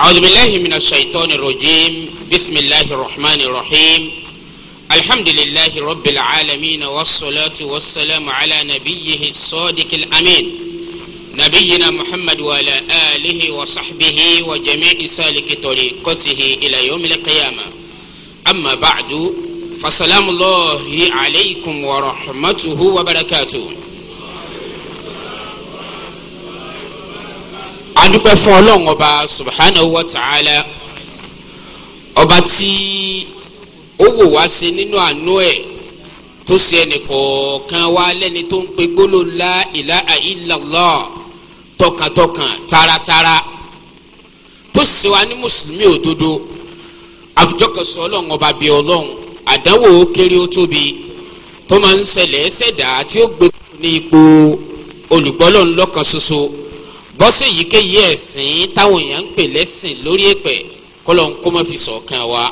أعوذ بالله من الشيطان الرجيم بسم الله الرحمن الرحيم الحمد لله رب العالمين والصلاة والسلام على نبيه الصادق الأمين نبينا محمد وعلى آله وصحبه وجميع سالك طريقته إلى يوم القيامة أما بعد فسلام الله عليكم ورحمته وبركاته adúpẹ́ fún ọlọ́run ọba subhanahu wa ta'ala ọba tí ó wò wá ṣe nínú àánú ẹ̀ tó ṣe ẹnìkọ̀ọ̀kan wá lẹ́ni tó ń pe gbólò la ilaha illallah tọkàntọkàn taratara tó ṣe wá ní mùsùlùmí òdodo àfijọ́ kan sọ ọlọ́run ọba bíi ọlọ́run àdánwò kéré ó tóbi tó máa ń ṣẹlẹ̀ ẹ̀ṣẹ̀dá tí ó gbé ní ipò olùgbọ́lọ́run lọ́kan ṣoṣo. bọ́sẹ̀ èyíkéyìí ẹ̀sìn táwọn èèyàn ń pè lẹ́sìn lórí èpẹ̀ kọ́lọ̀ ń kó fi wa.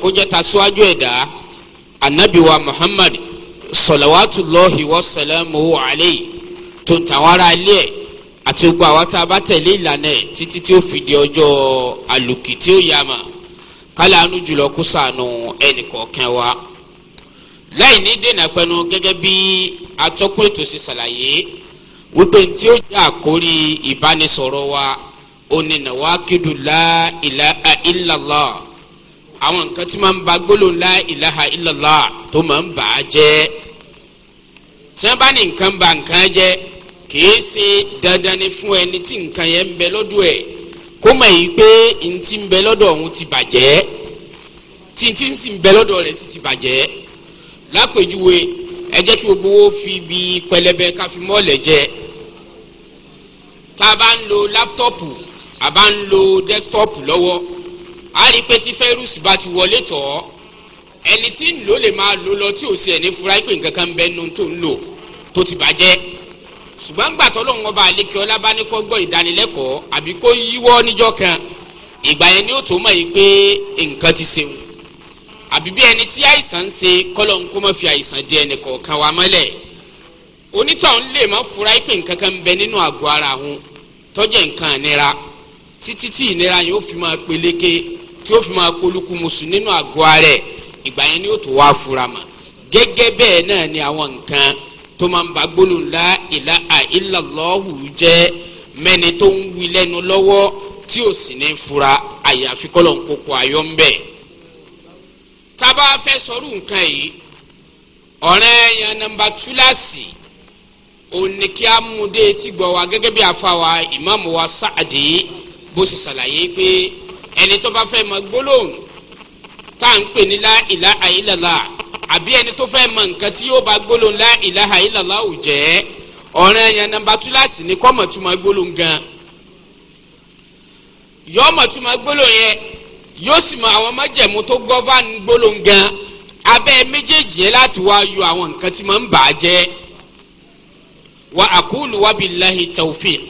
kó jẹ́ ta síwájú ẹ̀dá anabiwa muhammad sọlọ́wátúlọ́hì wọ́sẹ̀lẹ́mù alẹ́ tó tàwárà ilé ẹ̀ àti gbogbo àwa tá a bá tẹ̀lé ìlànà ẹ̀ títí tí ó fi di ọjọ́ àlùkì tí ó àánú jùlọ kó sànù wa. láì ní dènà pẹnu gẹ́gẹ́ bí atọ́kùn wípé tí ó jẹ́ àkórí ìbánisọ̀rọ̀ wa òní nàwákìdù la ilaha illallah àwọn nǹkan tí máa ń ba gbólóhùn la ilaha illallah tó máa ń bà á jẹ́ tí wọ́n bá ní nǹkan ba nǹkan jẹ́ kìí ṣe dandan ni fún ẹni tí nǹkan yẹn ń bẹ lọ́dọ̀ ẹ̀ kó mọ̀ yìí pé n ti ń bẹ lọ́dọ̀ òun ti bàjẹ́ tí n ti ń sì bẹ lọ́dọ̀ rẹ̀ sì ti bàjẹ́ lápèjúwe ẹ jẹ́ kí gbogbo wo fi ibi pẹlẹbẹ ká fi jẹ́ tá a bá ń lo láptọ́pù a bá ń lo dẹ́kítọ́pù lọ́wọ́ a rí i pé tí fẹ́rùsì bá ti wọlé tọ̀ ọ́ ẹni tí ń lò lè máa lò lọ tí ò sí ẹni fura pé nǹkan kan bẹ́ẹ̀ nu tó ń lò tó ti bàjẹ́ ṣùgbọ́n gbà tọ́lọ́run ọba àlekè ọlá bá ní kó gbọ́ ìdánilẹ́kọ̀ọ́ àbí kó yíwọ́ níjọ́ kan ìgbà yẹn ni ó tó mọ̀ yìí pé nǹkan ti ṣeun àbí bí ẹni tí àìsàn ń ṣe kọ́lọ́run kó má fi àìsàn di ẹnì kọ̀ọ̀kan wa mọ́lẹ̀ onítọ̀hún lè má fura pé nǹkan kan ń bẹ nínú àgọ́ ara àwọn tọ́jẹ̀ nǹkan ìnira títí tí ìnira yẹn ó fi máa peléke tí ó fi máa polúkú musu nínú àgọ́ ara ẹ̀ ìgbà yẹn ni ó tó wá fura mà gẹ́gẹ́ bẹ́ẹ̀ náà ni àwọn nǹkan tó máa ń ba gbólóhùn la ilaha illallahu jẹ́ mẹ́ni tó ń wí lẹ́nu lọ́wọ́ tí ò sì ní fura àyàfi kọ́lọ̀ ń kókó ayọ́ ń bẹ̀ tá fẹ́ sọ̀rọ̀ nǹkan yìí ọ̀rẹ́ yẹn nàmbà túláàsì òní kí a mú dé etí gbọ́ wa gẹ́gẹ́ bí afa wa ìmáàmù wa sáàdì bó sì ṣàlàyé pé ẹni tó bá fẹ́ mọ gbólóhùn tá à ń pè ní la ilaha illallah àbí ẹni tó fẹ́ mọ nǹkan tí yóò bá gbólóhùn la ilaha illallah ò jẹ́ ọ̀ràn ẹ̀yàn nàmbà túláàsì ni kọ́mọ̀túmọ̀ gbólóhùn gan yọ́mọ̀túmọ̀ gbólóhùn yẹn yóò sì mọ àwọn májẹ̀mú tó gọ́fà gbólóhùn gan abẹ́ méjèèjì yẹn láti wá yọ àwọn nǹkan tí máa ń bà jẹ́ wa akulu wa bilahi tawfiq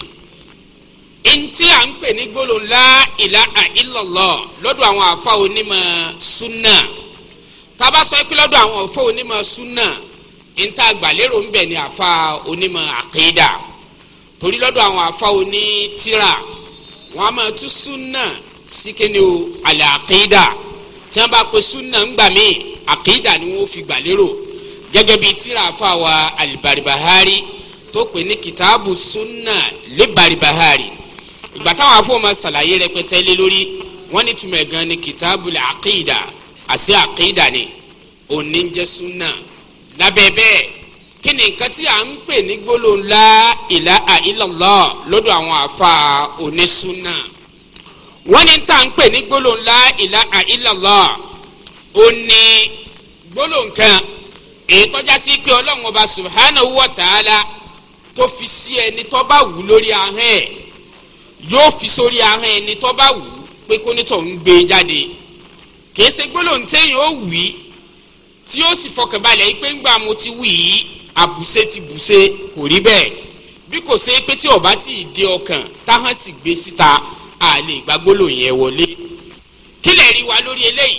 ntí à ń pè ní gbólóhùn la ilaha illallah lọ́dọ̀ àwọn àfa onímọ̀ sunna tába sọ pé lọ́dọ̀ àwọn àfa onímọ̀ sunna ntá gbàlérò ń bẹ̀ ní àfa onímọ̀ àkéèdà torí lọ́dọ̀ àwọn àfa onítìrà wọn a máa sunna síkéni o àlẹ́ àkéèdà tí wọ́n bá sunna ń gbà ni wọ́n fi gbàlérò gẹ́gẹ́ bíi tìrà àfa wa alìbàrìbàhárì tó pè ní kìtàbù sunna bahari, ìgbà táwọn afọwọ́mọ ṣàlàyé rẹpẹtẹ lé lórí wọn ní túmọ̀ gan ni kìtàbù àkìdà àti àkìdà ni òní ń jẹ́ sunna lábẹ́ bẹ́ẹ̀ kí ni nǹkan tí a ń pè ní gbólóhùn la ilaha illallah lọ́dọ̀ àwọn afa onísunna wọ́n ní tá à ń pè ní gbólóhùn la ilaha illallah ó ní gbólóhùn èyí tọ́já sí pé ọlọ́run ọba subhanahu wa ta'ala tó fi sí ẹni tó bá wù lórí ahọ́n ẹ̀ yóò fi sórí ahọ́n ẹni tó bá wù pé kó nítọ̀ ń gbé e jáde kì í ṣe gbólóhùn téèyàn ó wì í tí ó sì fọkànbalẹ̀ yìí pé ńgbà mo ti wì í àbùṣe ti bùṣe kò rí bẹ́ẹ̀ bí kò ṣe pé tí ọba tí dé ọkàn táwọn sì gbé síta a lè gba gbólóhùn yẹn wọlé kílẹ̀ rí wa lórí eléyìí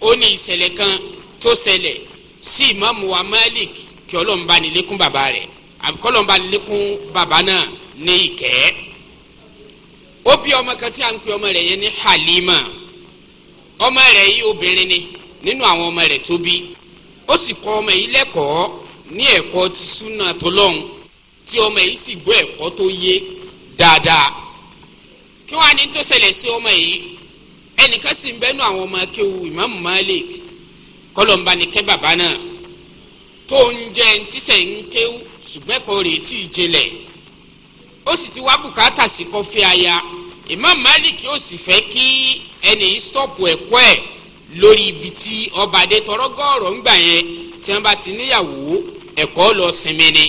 ó ní ìṣẹ̀lẹ̀ kan tó ṣẹlẹ̀ sí ìmáàmù wa Malik kí ọlọ́run bá ní lékún bàbá rẹ̀ àbíkọ́lọ́mba lékún bàbá náà ní ìkẹ́ ó bí ọmọ kan tí a ń pè ọmọ rẹ̀ yẹn ní Halima ọmọ rẹ̀ yìí obìnrin ni nínú àwọn ọmọ rẹ̀ tó bí ó sì kọ́ ọmọ yìí lẹ́kọ̀ọ́ ní ẹ̀kọ́ ti súnà tọlọ́hun tí ọmọ yìí sì gbọ́ ẹ̀kọ́ tó yé dáadáa kí wọ́n á ní tó ṣẹlẹ̀ sí ọmọ yìí ẹnìkan sì ń bẹ́nu àwọn ọmọ akéwu Imam Malik kọ́lọ́mba bàbá náà tó ń jẹ́ ń tíṣẹ̀ ń kéwu ṣùgbọ́n kò rè tí ì jinlẹ̀ ó sì ti wá bùkátà sí kọfí aya Imam Malik ó sì fẹ́ kí ẹnì yìí stọ́pù ẹ̀kọ́ ẹ̀ lórí ibi tí ọba adé tọrọ gọ́ọ̀rọ̀ ń gbà yẹn tí wọ́n bá ti níyàwó ẹ̀kọ́ lọ sinmi ni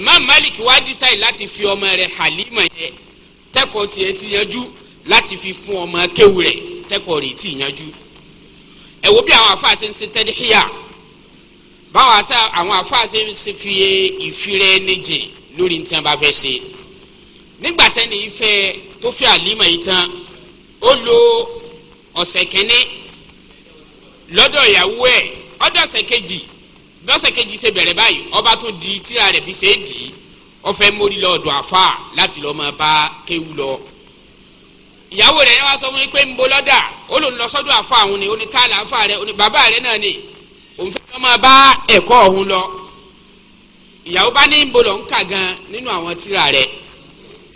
Imam Malik wá dísáì láti fi ọmọ rẹ̀ Halima yẹn tẹ́kọ̀ọ́ tiẹ̀ ti yanjú láti fi fún ọmọ kéwù rẹ̀ tẹ́kọ̀ọ́ rẹ̀ ti yanjú ẹ bí àwọn afa ń ṣe tẹ́lẹ̀ báwa sá àwọn afáàṣe fi ìfirẹ́ ẹni jìn lórí ní tí wọ́n bá fẹ́ ṣe nígbà tẹ́ni ìfẹ́ tó fẹ́ àlímọ̀ yìí tán ó lo ọ̀sẹ̀ kẹ́ni lọ́dọ̀ ìyàwó ẹ̀ ọ̀dọ̀ ọ̀sẹ̀ kejì lọ́sẹ̀ kejì ṣe bẹ̀rẹ̀ báyìí ọba tún di tíra rẹ̀ bí ṣe é dì í ó fẹ́ mórí lọ ọ̀dọ̀ àfa láti lọ́ọ́ máa bá kéwù lọ. ìyàwó rẹ̀ wá sọ fún mi pé ń bo lọ́dà ó lòun lọ sọ́dọ̀ àfa àwọn ni ó ní táàlà àfa rẹ̀ ó ní bàbá rẹ̀ náà ni òun fẹ́ máa bá ẹ̀kọ́ ọ̀hún lọ ìyàwó bá ní bọ́lọ̀ ń kà gan nínú àwọn tírà rẹ̀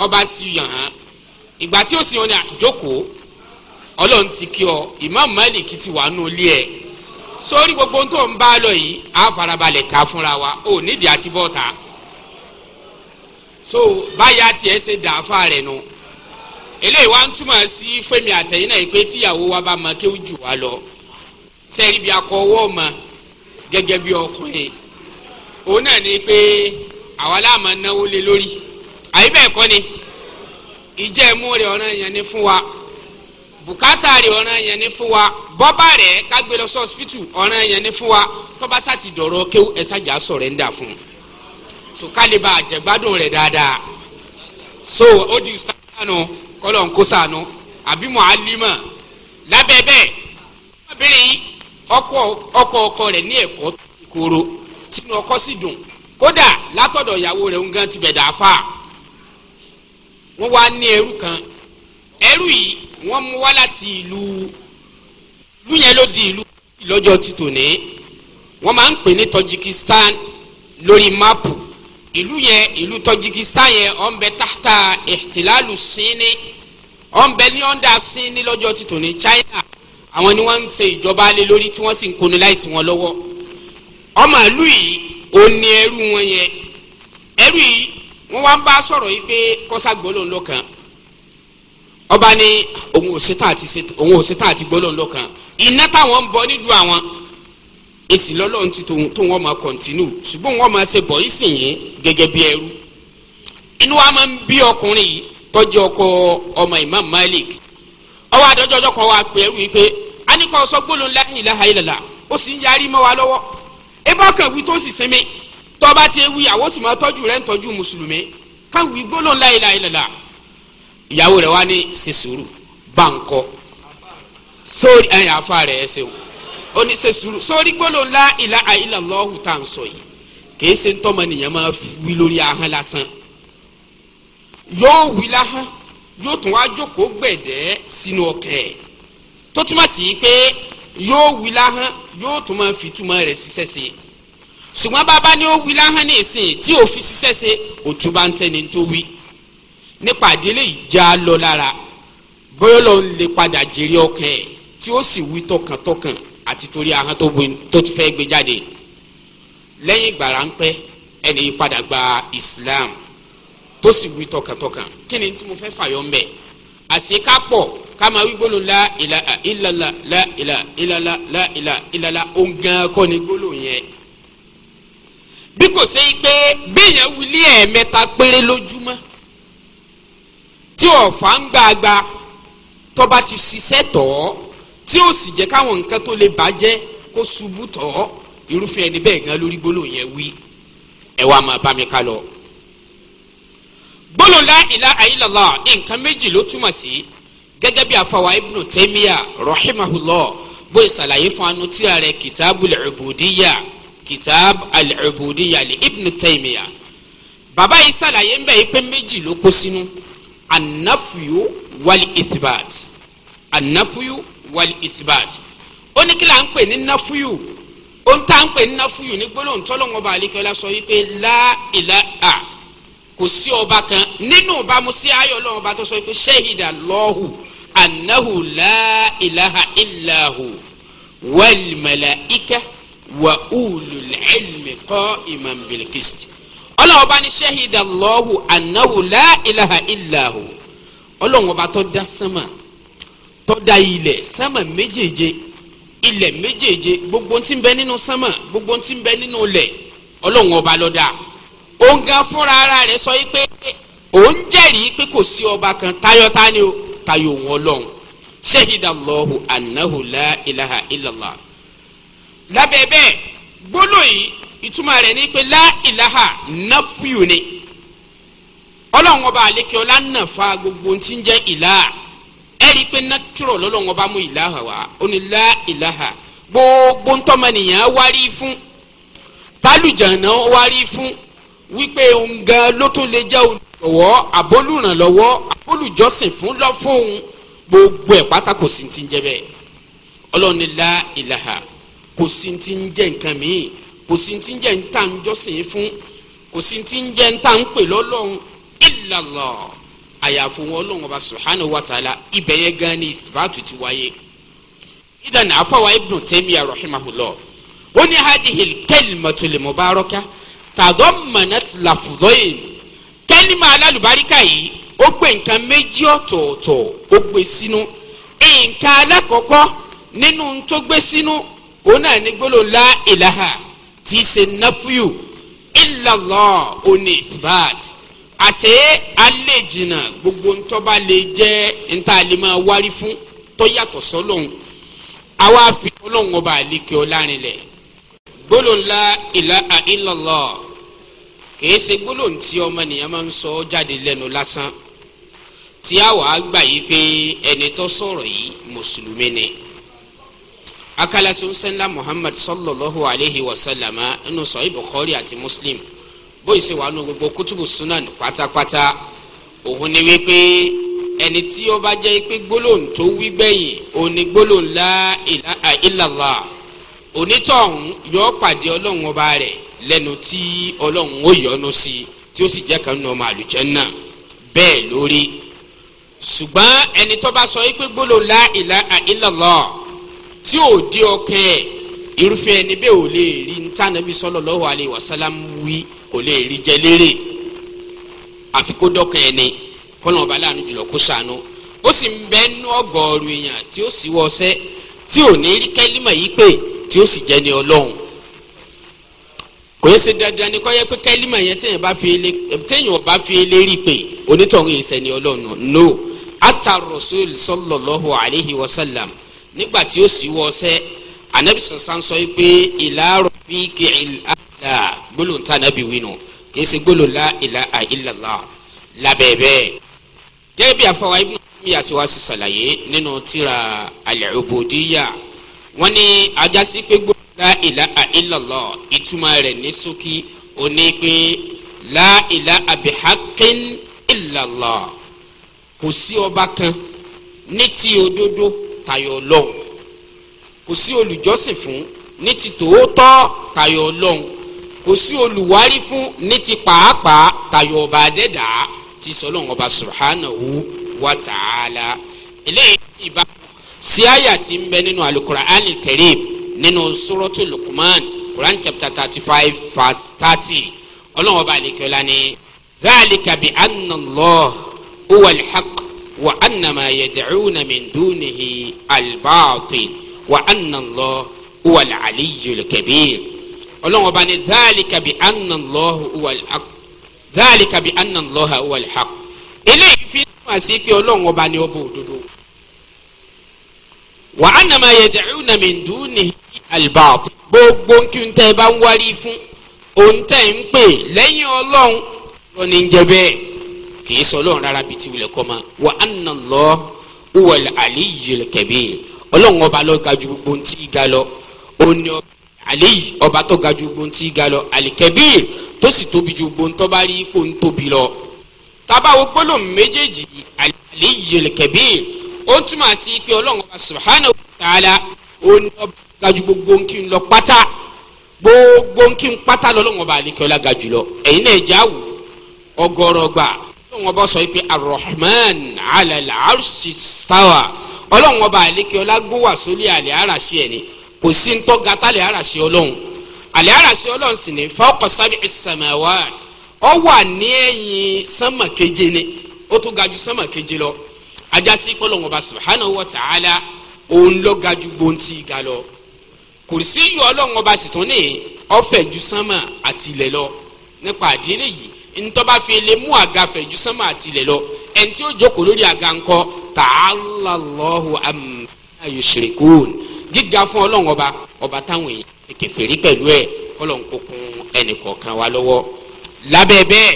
ọba sì yàn án ìgbà tí ó sì yàn ní àjókòó ọlọ́run ti kí ọ Imam Malik ti wà nù ilé ẹ̀ sórí gbogbo tó ń bá lọ yìí á farabalẹ̀ ká fúnra wa ò nídìí àti bọ́ta so báyà tiẹ̀ ṣe dàáfà rẹ̀ nu eléyìí wá ń túmọ̀ sí Fẹ́mi àtẹ̀yìn náà pé tíyàwó wa bá mọ kéwù jù wá lọ sẹ́ẹ̀rí bí akọ ọwọ́ mọ́ gẹ́gẹ́ bí ọkùnrin òun náà ni pé àwa la máa náwó lé lórí àyè bẹ́ẹ̀ kọ́ ni ìjẹ́ ìmú rẹ̀ ọ̀ràn yẹn ni fún wa bùkátà rẹ̀ ọ̀ràn yẹn ni fún wa bọ́bà rẹ̀ kágbé lọ sí ọ̀ràn yẹn ni fún wa tọ́ba sàti dọ̀rọ̀ kéwù ẹ̀sàjà sọ̀rẹ́ńdà fún so kálíba àjẹgbádùn rẹ̀ dáadáa so ó di sànù kọ́lọ̀ ń kó sànù àbí mọ̀ á límọ̀ lábẹ́ bẹ́ẹ̀ ọmọbìnrin ọkọ ọkọ rẹ̀ ní ẹ̀kọ́ kóró tínú ọkọ sì dùn kódà látọ̀dọ̀ ìyàwó rẹ̀ ń gan tibẹ̀ dà fà wọ́n wá ní ẹrú kan ẹrú yìí wọ́n mú wá láti ìlú ìlú yẹn ló di ìlú lọ́jọ́ ti tòní wọ́n máa ń pè ní Tajikistan lórí máàpù ìlú yẹn ìlú Tajikistan yẹn ó ń bẹ tahta ihtilalu Síìnì ó bẹ ní ọ̀ndà Síìnì lọ́jọ́ ti China àwọn ni wọ́n ń ṣe ìjọba lé lórí tí wọ́n sì ń colonize wọn lọ́wọ́ ọmọ ìlú yìí ò ní ẹrú wọn yẹn ẹrú yìí wọ́n wá ń bá sọ̀rọ̀ yìí pé kọ́sá gbólóhùn lọ́kàn ọba ní òun ò ṣetán àti òun ò ṣetán àti gbólóhùn lọ́kàn iná táwọn ń bọ nílùú àwọn èsì lọ́lọ́run ti tó wọn máa kọ̀ǹtínú ṣùgbọ́n wọn máa ṣe bọ̀ ìsìnyí gẹ́gẹ́ bí ẹrú inú wa máa ń bí ọkùnrin yìí tọ́jú ọkọ ọmọ Imam Malik ọwọ́ adọ́jọ́jọ́ kan wá pé ẹrú yìí pé a ní kó sọ gbólóhùn la ilaha illallah ó sì ń yarí mọ́ wa lọ́wọ́ ẹ bá kàn wí tó sì sinmi tó bá ti wí àwọn sì máa tọ́jú rẹ̀ ń tọ́jú mùsùlùmí kàn wí gbólóhùn la ilaha illallah ìyàwó rẹ̀ wá ní ṣe sùúrù sórí ẹ̀yìn afa rẹ̀ ẹ̀ ṣeun ó ní ṣe sórí gbólóhùn la ilaha illallah tá à ń sọ yìí kì í ṣe ń tọ́mọ nìyẹn yóò wí láhán yóò tún wá jókòó gbẹ̀dẹ́ sínú ọkẹ́ tó túmọ̀ sí pé yóò wí láhán yóò tún máa fi túmọ̀ rẹ̀ ṣiṣẹ́ ṣe ṣùgbọ́n bàbá ni ó wí láhán ní ìsìn tí ò fi ṣiṣẹ́ ṣe òtún bá ń tẹ́ni tó wí nípa àdélé ìjà lọ lára bóyá ló ń lè padà jèrè ọkàn ẹ̀ tí ó sì wí tọkàntọkàn àti torí ahọ́n tó ti fẹ́ gbé jáde lẹ́yìn ìgbà ráńpẹ́ ẹni padà gba Islam tó sì wí tọkàntọkàn kí ni tí mo fẹ́ fàyọ́ ń àṣekápọ̀ kama wí gbólóhùn la ila ila la ila ila la ìlà ìlàlà òǹgàn kọ́ ni gbólóhùn yẹn bí kò ṣe pé béèyàn wuli ẹ̀ẹ̀mẹ́ta péré lójúmọ́ tí ọ̀fà ń gbàgbà tó bá ti ṣiṣẹ́ tọ̀ ọ́ tí ó sì jẹ́ káwọn nǹkan tó lè bàjẹ́ kó ṣubú irúfẹ́ ẹni bẹ́ẹ̀ gan lórí gbólóhùn yẹn wí ẹ wá máa bá mi ká lọ. gbólóhùn la ìlà àyílàlá nǹkan méjì ló túmọ̀ sí. Si gẹ́gẹ́ bí afawa ibnu taymiya rahimahullah bó ìsàlàyé fún anu tíra rẹ̀ kitabu al-ubudiyya kitab al-ubudiyya li ibnu taymiya baba yìí sàlàyé ń bẹ̀ yìí pé méjì ló kó sínú anafuyu wali isbat anafuyu wali isbat ó ní kí la ń pè ní nafuyu ó ń tà ń pè ní nafuyu ní gbólóhùn tọ́lọ́wọ́n ọba àlekẹ́lá sọ yìí pé la ilaha kò sí ọba kan nínú ọba musa ayọ̀ lọ́wọ́ ọba tó sọ pé shahida Allahu annahu la ilaha illahu wal malaika wa ulul ilmi qa'iman bil qist ọlọ́wọ́ bá ní sẹ́hìdà lọ́hù annahu la ilaha illahu ọlọ́wọ́ bá tó dá sánmà tó dá ilẹ̀ sánmà méjèèje ilẹ̀ méjèèje gbogbo tí ń bẹ nínú sánmà gbogbo tí ń bẹ nínú ilẹ̀ ọlọ́wọ́ bá ló dá òun gan fúnra ara rẹ̀ sọ yìí pé òun jẹ́rìí pé kò sí ọba kan tayọ tani o tayọ wọn lọ́hùn sehida allahu anahu la ilaha illallah lábẹ́ bẹ́ẹ̀ gbólóò yìí ìtumọ̀ rẹ̀ ni pé la ilaha nafuyu ni ọlọ́run ọba àlekè ọlá nàfa gbogbo ti ń jẹ́ ìlàhà ẹ rí pé nàkírọ̀ lọ́lọ́run ọba mú ìlàhà wá ó ní la ilaha gbogbo ntọ́mọnìyàn wárí fún tálùjànà wárí fún wípé òun gan lè jẹ́ olùdókòwò olùrànlọ́wọ́ abólùrànlọ́wọ́ abólùjọ́sìn fún lọ́fóun gbogbo ẹ̀ pátá kò sí ti ń jẹ bẹ́ẹ̀ ọlọ́run la ìlàhà kò sí ti ń jẹ nǹkan míì kò sí ti ń jẹ nta ń jọ́sìn fún kò sí ti ń jẹ nta ń pè lọ́lọ́run illallah àyàfo wọn ọlọ́run ọba subhanahu wa ta'ala ibẹ̀ yẹn gan ni ìsìbáàtù ti wáyé idan afawa ibnu taymiya rahimahullah ó ní hadihil kalimatul mubaraka tàdọ́mọ̀nẹ́tì làfùdọ́yìn kẹ́límà alálùbáríkà yìí ó gbé nǹkan méjì ọ̀tọ̀ọ̀tọ̀ ó gbé sínú nǹkan alákọ̀ọ́kọ́ nínú tó gbé sínú òun náà ní gbólóhùn la ilaha tí í ṣe nafiyu illallah oní isbat àṣé alẹ́ jìnnà gbogbo ntọ́ba lè jẹ́ níta lè máa wárí fún tó yàtọ̀ sọ́lọ́hún àwa fi ọlọ́hún ọba àlekè ọlárin lẹ̀ gbólóhùn la ilaha illallah kìí ṣe gbólóhùn tí ọmọnìyàn máa ń sọ jáde lẹ́nu lásán tí a wàá gbà yí pé ẹni tó sọ̀rọ̀ yìí mùsùlùmí ni akalasun sẹ́ńdá muhammad sallallahu alayhi wa sallam nínú sọ̀rọ̀ Bukhari àti muslim bóyì ṣe wà nù gbogbo kútùbù sunan pátápátá òhun ni wípé ẹni tí ó jẹ́ pé gbólóhùn tó wí gbẹ̀yìn òun gbólóhùn la ilaha illallah onítọ̀hún yóò pàdé ọlọ́run ọba rẹ̀ lẹ́nu tí ọlọ́run ó yọ́nú sí tí ó sì jẹ́ kan nù ọmọ àlùjánnà bẹ́ẹ̀ lórí ṣùgbọ́n ẹni tó bá sọ yìí pé gbólóhùn la ilaha illallah tí ò dé ọkàn ẹ̀ irúfẹ́ ẹni bẹ́ẹ̀ ò lè rí níta nàbí sallallahu alaihi wasallam wí kò lè rí jẹ lérè àfi kó dọ́kàn ẹ̀ kọ́nà ọba láàánú jùlọ kó sànú ó sì ń bẹ nú ọgọ́ọ̀rù èèyàn tí ó sì wọ́ ọsẹ́ tí ò ní rí kẹ́límà yìí pé tí ó sì jẹ́ ni ọlọ́run kò yẹ ṣe dandan ni kò yẹ pé kẹ́límà yẹn téèyàn bá fi ele téèyàn bá fi ele rí pé onítọ̀hún yìí sẹ́ni ọlọ́run no ata rasul sallallahu alayhi wa sallam nígbà tí ó sì wọ́ sẹ́ anabi sọ̀sán sọ yìí pé ìlàrọ̀ bí kìí àlà gbólóhùn tá anabi wí kì í ṣe gbólóhùn la ilaha illallah labẹ́bẹ́ gẹ́gẹ́ bí afọwọ́ ibùdó mi àṣewàṣì ṣàlàyé nínú tíra al-ubudiyya wọ́n ní ajásí pé gbó la ilaha illallah ìtumọ̀ rẹ̀ ní ṣókí ó ní pé la ilaha bihaqqin illallah kò sí ọba kan ní ti òdodo tayọ Ọlọ́run kò sí olùjọ́sìn fún ní ti tòótọ́ tayọ Ọlọ́run kò sí olùwárí fún ní ti pàápàá tayọ ọba adẹ́dà ti sọlọ́run ọba subhanahu wa ta'ala eléyìí ìbá sí àyà tí ń bẹ nínú Al-Qur'an nínú sọ́rọ́tù lukman quran chapter thirty five verse thirty ọlọ́run ọba àlekèọ́lá ni dhalika bi anna Allah huwa alhaq wa anna ma yad'una min dunihi albatil wa anna Allah huwa alaliyyul kabir ọlọ́run ọba ni dhalika bi anna Allah huwa alhaq dhalika bi anna Allah huwa alhaq eléyìí fi wá sí pé ọlọ́run ọba ni ọba òdodo wa anna ma yad'una min dunihi albaat gbogbo kí n tẹ́ ẹ bá ń wárí fún òun tẹ́ ń pè lẹ́yìn ọlọ́run lọ́ọ́ ní jẹ bẹ́ẹ̀ kì í sọ ọlọ́run rárá bíi ti wulẹ̀ kọ́ ma wa anna Allah huwal aliyyul kabir ọlọ́run ọba ló ga ju gbogbo ntí ga lọ òní aliyu ọba tó ga ju gbogbo ntí ga lọ alikabir tó sì tóbi ju gbogbo ntọ́ba rí kó ń tóbi lọ tabawo gbólóhùn méjèèjì aliyyul kabir ó túmọ̀ sí pé ọlọ́run ọba ga ju gbogbo nkí ń lọ pátá gbogbo nkí ń pátá lọ lọ́wọ́n bá àlekẹ́ ọlá ga jùlọ ẹ̀yin náà ẹ̀já wù ọgọ́rọ̀ gbà lọ́wọ́n bá sọ pé arrahman alal arshi stawa ọlọ́wọ́n bá àlekẹ́ ọlá gún wà àlẹ́ àràṣì ẹ̀ kò sí ń gata àlẹ́ àràṣì ọlọ́run àlẹ́ àràṣì ọlọ́run sì ni fawqa sab'i samawat ó wà ní ẹ̀yìn sánmà keje ni ó tún ga ju sánmà keje lọ ajásí pé bá subhanahu wa ta'ala òun ló ga ju ga lọ kùrìsí yìí ọlọ́run ọba sì tún ní ọ̀fẹ́ ju sánmà àti ilẹ̀ lọ nípa àdínlẹ̀ yìí ntọ́ba fi lè mú àga fẹ̀ ju sánmà àti ilẹ̀ lọ ẹni tí ó jókòó lórí àga ńkọ́ tààlàlọ́hù amma yushrikun gíga fún ọlọ́run ọba ọba táwọn èèyàn kèfèrí pẹ̀lú ẹ̀ kọ́lọ̀ ń kókun ẹnìkọ̀ọ̀kan wa lọ́wọ́ lábẹ́ bẹ́ẹ̀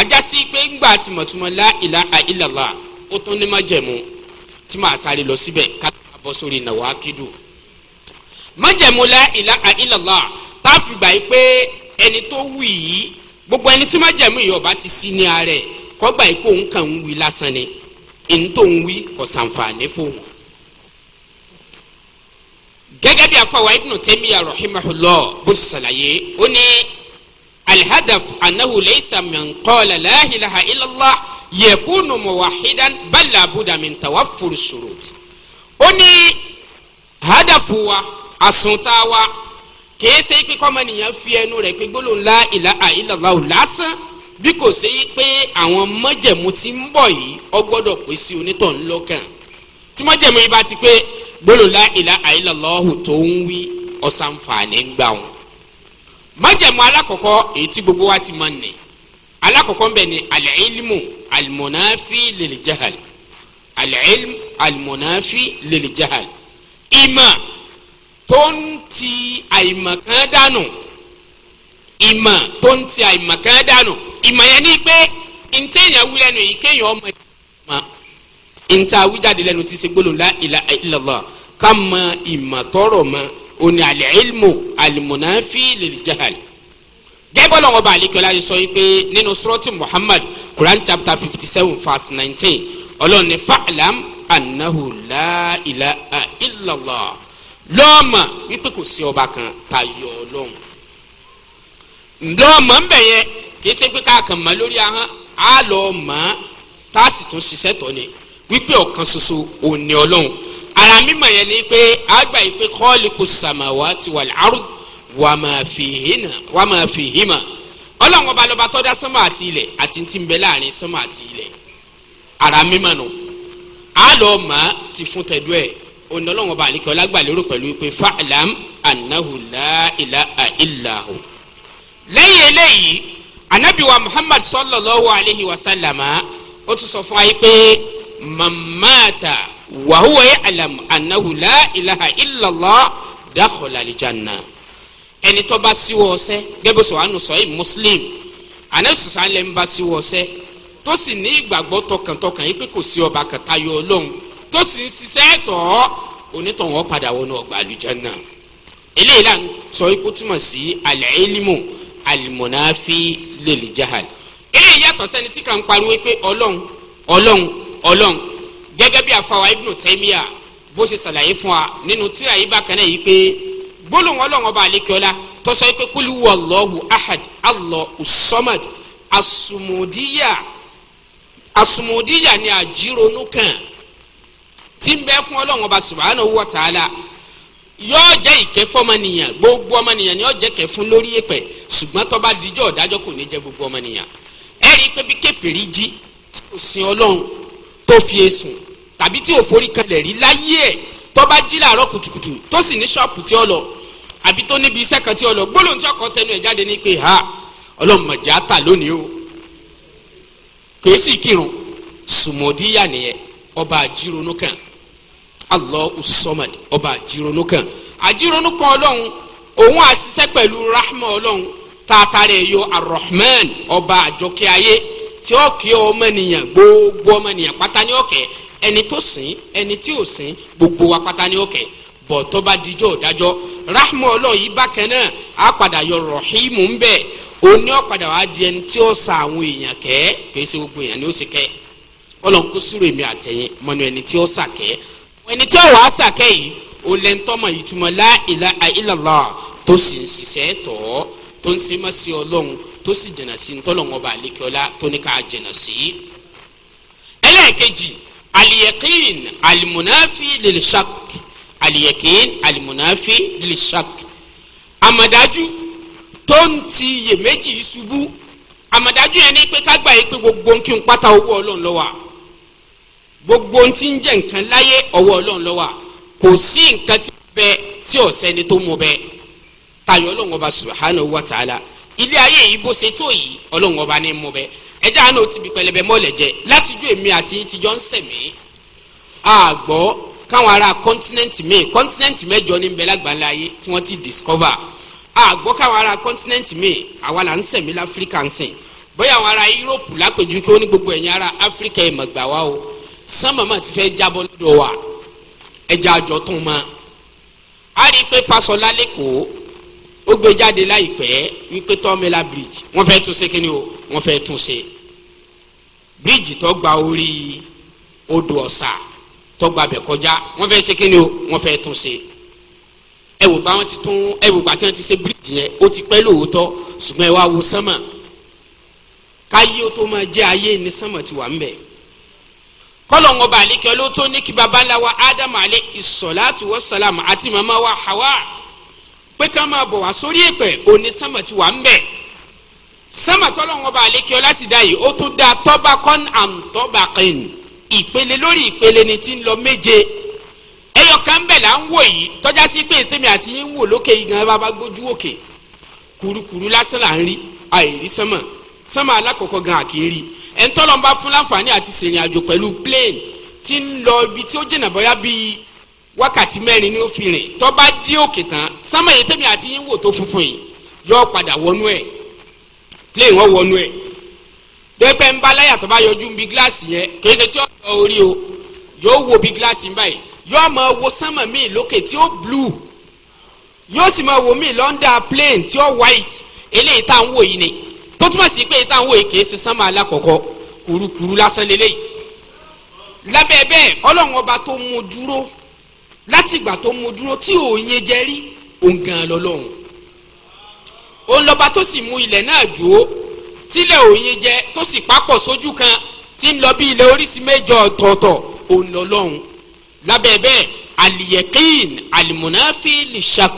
ajásí pé ńgbà tí mọ̀túmọ̀ la ilaha illallah ó tún ní májẹ̀mú tí màá sáré lọ síbẹ̀ ká bọ́ sórí nàwákídù májẹ̀mú la ilaha illallah tá a fi gbà yí pé ẹni tó wì yìí gbogbo ẹni tí májẹ̀mú yìí ọba ti sí ní ara ẹ̀ kọ́ gbà yí pé òun kàn ń wí lásán ni ẹni tó ń wí kò sàǹfààní fóun. gẹ́gẹ́ bí afọwọ́ ibnu taymiya rahimahullah bó ti ṣàlàyé ó ní alhadaf anahu laysa man qala la ilaha illallah muwahidan bal la budda min tawaffur ó ní hadafu wa àsùntà wa kìí ṣe pé kọ́mọnìyàn fi ẹnu rẹ̀ pé gbólóhùn la ilaha illallahu lásán bí kò ṣe pé àwọn mọ́jẹ̀mú ti ń bọ̀ yìí ó gbọ́dọ̀ pé sí onítọ̀ ńlọ́kàn tí mọ́jẹ̀mú yìí bá ti pé gbólóhùn la ilaha illallahu tó ń wí ọ̀sánfààní ń gbà wọn. mọ́jẹ̀mú alákọ̀ọ́kọ́ èyí tí gbogbo wa ti mọ̀ nì alákọ̀ọ́kọ́ ń bẹ̀ ni al-ilmu al-munafi lil-jahl al tó ń ti àìmọ̀kan dànù ìmọ̀ tó ń ti àìmọ̀kan dànù ìmọ̀ yẹn ni pé ntẹ́ èèyàn wí lẹ́nu yìí kéèyàn ọmọ ìmọ̀ ntẹ́ àwíjáde lẹ́nu ti ṣe gbólóhùn la ilaha illallah ká mọ ìmọ̀ tọrọ mọ òní àlẹ́ ilmu alimunafi lil jahal gẹ́gbọ́n lọ́wọ́ bá àlekẹ́lá yìí sọ yìí pé nínú surati Muhammad Quran chapter fifty seven verse nineteen ọlọ́run fa'lam annahu la ilaha illallah lọ́ọ̀mà wípé kò sí ọba kan tayọ ọlọ́run lọ́ọ̀mà ń bẹ̀ yẹn kì í ṣe pé káàkàn mọ́ lórí ahọ́n á lọ mọ́ tá a sì tún ṣiṣẹ́ tọ́ ni wípé ọ̀kan ṣoṣo òun ni ọlọ́run ara mímọ̀ yẹn ni pé àgbà yìí pé kọ́ọ̀lì kò sàmàwá ti wà láàrú wà máa fi hìmà ọlọ́run ọba lọ́ba tọ́jà sánmà àti ilẹ̀ àti ti ń bẹ láàrin sánmà àti ilẹ̀ ara mímọ̀ nù á lọ mọ́ ti fún tẹ̀dú ẹ̀ onílọ́wọ́n bá àlekẹ́ ọlágbàlérò pẹ̀lú pé fa'lam annahu la ilaha illahu. lẹ́yìn eléyìí anabiwa muhammad sallallahu alayhi wa sallama ó tún sọ fún wa pé mamata wahuwa ya'lam annahu la ilaha illallah dakhala aljanna ẹni tó bá ṣíwọ́ ọ̀sẹ̀ gẹ́gẹ́ sọ àánú sọ yìí muslim anabi sọ̀sọ́ alẹ́ ń bá ṣíwọ́ ọ̀sẹ̀ tó sì ní ìgbàgbọ́ tọkàntọkàn yìí pé kò sí ọba kan ọlọ́run tó sì ń ṣiṣẹ́ tọ̀ ọ́ onítọ̀hún padà wọnú ọgbà àlùjánnà eléyìí là ń sọ túmọ̀ sí jahal eléyìí yàtọ̀ sẹ́ni tí ń pariwo pé ọlọ́run ọlọ́run ọlọ́run gẹ́gẹ́ bí bó ṣe ṣàlàyé fún wa nínú tíra yìí náà yìí pé gbólóhùn ọlọ́run ọba tó sọ ahad asumudiya asumudiya ni tí ń bẹ fún ọlọ́run ọba subhanahu wa ta'ala yóò jẹ́ ìkẹ́ fọ́mọnìyàn gbogbo ọmọnìyàn ni yóò jẹ́ kẹ́ fún lórí èpẹ̀ ṣùgbọ́n tó bá dijọ́ ọ̀dájọ́ kò ní jẹ́ gbogbo ọmọnìyàn ẹ rí i pé bí kèfèrí jí òsìn ọlọ́run tó fi èsùn tàbí tí òforí kanlẹ̀ rí láyé ẹ̀ tó bá jí làárọ̀ kùtùkùtù tó sì ní ṣọ́ọ̀pù tí ó lọ àbí tó níbi iṣẹ́ kan tí ó lọ gbólóhùn tí ọkọ̀ tẹnu ẹ̀ o kèésì kírun sùmọ̀díyà Allahu Samad ọba àjírònú kan àjírònú kan ọlọ́run òun àṣiṣẹ́ pẹ̀lú rahma ọlọ́run tààtàrẹ yọ arrahman ọba àjọkẹ́ ayé tí ó kí ọmọnìyàn gbogbo ọmọnìyàn pátá ní ọ̀kẹ́ ẹni tí ò sìn gbogbo wa pátá ní ọ̀kẹ́ bọ̀ tó yìí bákan náà á padà yọ rahimu ń òun ní ọ̀padà wá di ẹni tí ó sa àwọn èèyàn ẹni tí ó wàá sàkẹ́ yìí ó lẹ́ ń tọ́mọ̀ ìtumọ̀ la ilaha illallah tó sì ń ṣiṣẹ́ tọ̀ ọ́ tó ń sẹ́mọ́ sí ọlọ́run tó sì jìnnà sí ntọ́lọ́wọ́n bá àlékẹ́ọ́lá tó ní ká jìnnà sí. ẹlẹ́ẹ̀kejì aliyakin alimunafi lilishak aliyakin alimunafi lilishak amadaju tó ń ti iyèméjì ṣubú amadaju yẹn ní pé ká gbà yí pé gbogbo nkí ń pátá owó ọlọ́run lọ́wọ́ gbogbo ohun tí ń jẹ́ nǹkan láyé ọwọ́ ọlọ́run ló wà kò sí nǹkan tí bẹ tí ò sẹ́ni tó mú bẹ tayọ ọlọ́run ọba subhanahu wa ta'ala ilé ayé yìí bó ṣe tó yìí ọlọ́run ọba ní mú bẹ ẹjẹ́ àánú ti bí pẹlẹbẹ mọ́lẹ̀ jẹ látijọ́ èmi àti tijọ́ ń sẹ̀mí àgbọ̀ káwọn ará kọ́ńtínẹ́ǹtì míì kọ́ńtínẹ́ǹtì mẹ́jọ ní bẹ lágbàlá ayé tí wọ́n ti discover àgbọ̀ káwọn ará kọ́ńtínẹ́ǹtì míì àwa là ń sẹ̀mí láfíríkà ń sìn bóyá àwọn ará yúróòpù lápèjú kí ó ní gbogbo ẹ̀yin ará áfíríkà ẹ̀ mọ̀gbà wa o sámàmà ti fẹ́ jábọ́ lọ́dọ̀ wa ẹja àjọ tún ma a rí pé Faṣọlá lẹ́kọ̀ọ́ ó gbé jáde láìpẹ́ wípé tọ́mẹ́lá bridge wọ́n fẹ́ tún ṣe kíni o wọ́n fẹ́ tún ṣe bridge tó gba orí odò ọ̀sà tó gba bẹ̀ kọjá wọ́n fẹ́ ṣe kíni o wọ́n fẹ́ tún ṣe ẹ bá wọn ti tún ẹ wò wọn ti ṣe bridge yẹn ó ti pẹ́ lóòótọ́ ṣùgbọ́n ẹ wá wo sánmà káyé ó tó máa jẹ́ ayé ní sánmà ti wà ń bẹ̀ẹ́ kọlọ́ngọ bá àlekẹ́ ló tó ní kí baba wa ádámù alẹ́ ìsọ̀láàtù wọ́n àti màmá wa hawa pé ká máa bọ̀ wá sórí èpẹ̀ òní sámà tí wà ń bẹ̀ sámà tọ́lọ́ngọ bá àlekẹ́ ọlá sì dá yìí ó tún dá tọ́ba kọ́n àm tọ́ba kẹ́yìn ìpele lórí ìpele ni ti ń lọ méje ẹyọ kan bẹ̀ là ń wò yìí tọ́já sí pé tèmi àti yín wò lókè yìí gan bá gbójú òkè kùrukùru lásán là ń rí àìrí sámà sámà alákọ̀ọ́kọ́ gan àkèrí ẹ̀ńtọ́lọ́mbà fún láǹfààní àti sìnrìn àjò pẹ̀lú plane ti ń lọ ibi tí ó jìnnà bọ́yá bíi wákàtí mẹ́rin ni ó fi rìn tó bá dé òkè tán sámọ̀ èyí tẹ́mi àti yín wò tó funfun yìí yọ padà wọnú ẹ̀ plane wọ́n wọnú ẹ̀ dẹ́pẹ́ ń bá láyà tó bá yọjú bí gíláàsì yẹn kì í ṣe tí ó lọ orí o yóò wo bí gíláàsì báyìí yóò máa wo sámọ̀ míì lókè tí ó blue yóò sì máa wo míì lọ́ndà plane tí ó white eléyìí tá à ń wò yìí ni tó túmọ̀ sí pé táwọn èké ṣe sánmà alákọ̀ọ́kọ́ kurukuru lásán lélẹ́yìí lábẹ́ bẹ́ẹ̀ ọlọ́run ọba tó mú dúró láti ìgbà tó mú dúró tí òye jẹ rí òun gan lọ́lọ́run òun lọ́ba tó sì mú ilẹ̀ náà dúró tílẹ̀ òye jẹ tó sì papọ̀ sójú kan tí ń lọ bí ilẹ̀ oríṣi mẹ́jọ ọ̀tọ̀ọ̀tọ̀ òun lọ́lọ́run lábẹ́ bẹ́ẹ̀ aliyekin alimunafi lishak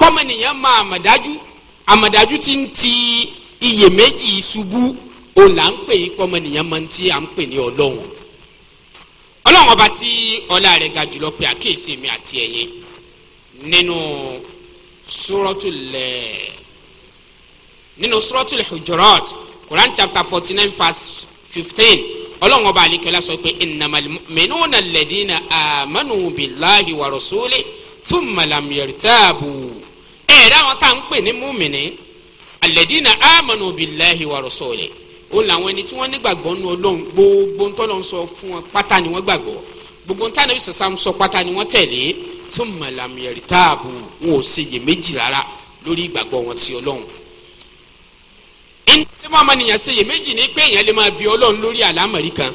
kọ́mọnìyàn máa àmàdájú àmàdájú ti ń ti iyèméjì ṣubú òun là ń pè yí pọ́ ọmọnìyàn máa ń tí à ń pè ní ọlọ́run ọlọ́run ọba tí ọlá rẹ̀ ga jùlọ pé àkíyèsí mi àti ẹ̀yin nínú sùrọ́tùlẹ̀ nínú sùrọ́tùlẹ̀ Hujurat Quran chapter forty nine verse fifteen ọlọ́run ọba àlekẹ́lá sọ pé innamal mu'minuna alladhina amanu billahi wa rasulihi thumma lam yartabu ẹ̀ẹ́dá wọn tá à ń pè ní múmìnì alẹ́dínà amanu billahi wa rasulihi ó làwọn ẹni tí wọ́n nígbàgbọ́ nu ọlọ́run gbogbo ń tọ́lọ́ sọ fún wọn pátá ni wọ́n gbàgbọ́ gbogbo ń tánà bisasa ń sọ pátá ni wọ́n tẹ̀lé fún màlàmìyẹrì táàbù wọn ò ṣe iyèméjì rárá lórí ìgbàgbọ́ wọn ti ọlọ́run ẹni mọ́ ọmọnìyàn ṣe iyèméjì ni pé èèyàn lè máa bi ọlọ́run lórí àlámọ̀rí kan